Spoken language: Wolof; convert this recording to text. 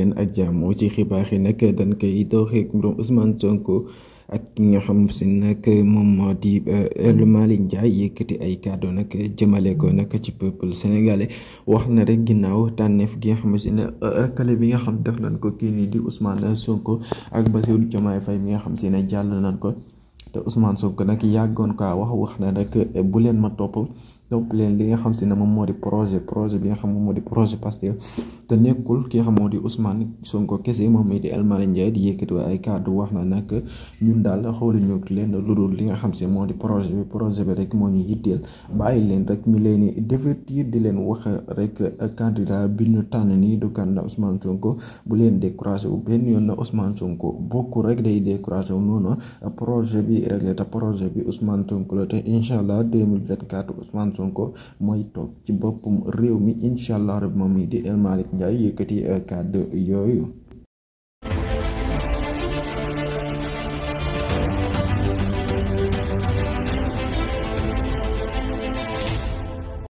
leen ak jàmm ci xibaar yi nag dañ koy dooxee mbirum Ousmane Sonko ak ki nga xam si nag moom moo di euh, El Malick Ndiaye yëkkati ay kàddu nag jëmale ko nag ci peuple sénégalais wax na rek ginnaaw tànneef gi nga xam si ne rakkale euh, bi nga xam def nañ ko kii nii di Ousmane Sonko ak Bassirou Diomaye Faye mi nga xam si ne jàll nañ ko te Ousmane Sonko nag yàggoon kaa wax wax na rek euh, bu leen ma topp. topp leen li nga xam si ne moom moo di projet projet bi nga xam moom moo di projet Pastef te nekkul ki nga xam moo di Ousmane Sonko kese moom mii di El Malick Ndiaye di yëkkati ay kàddu wax na nag ñun daal xooluñu leen lu dul li nga xam si moo di projet bi projet bi rek moo ñu yitteel bàyyi leen rek ñu leen di divertir di leen wax rek candidat bi ñu tànn nii du candidat Ousmane Sonko bu leen découragé wu benn yoon na Ousmane Sonko bokkul rek day découragé wu noonu projet bi rek la te projet bi Ousmane Sonko la te incha allah 2024 Ousmane Sonko mooy toog ci boppum réew mi incha allah rabi moom mii di El Malick Ndiaye yëkkati eh, kàddu yooyu.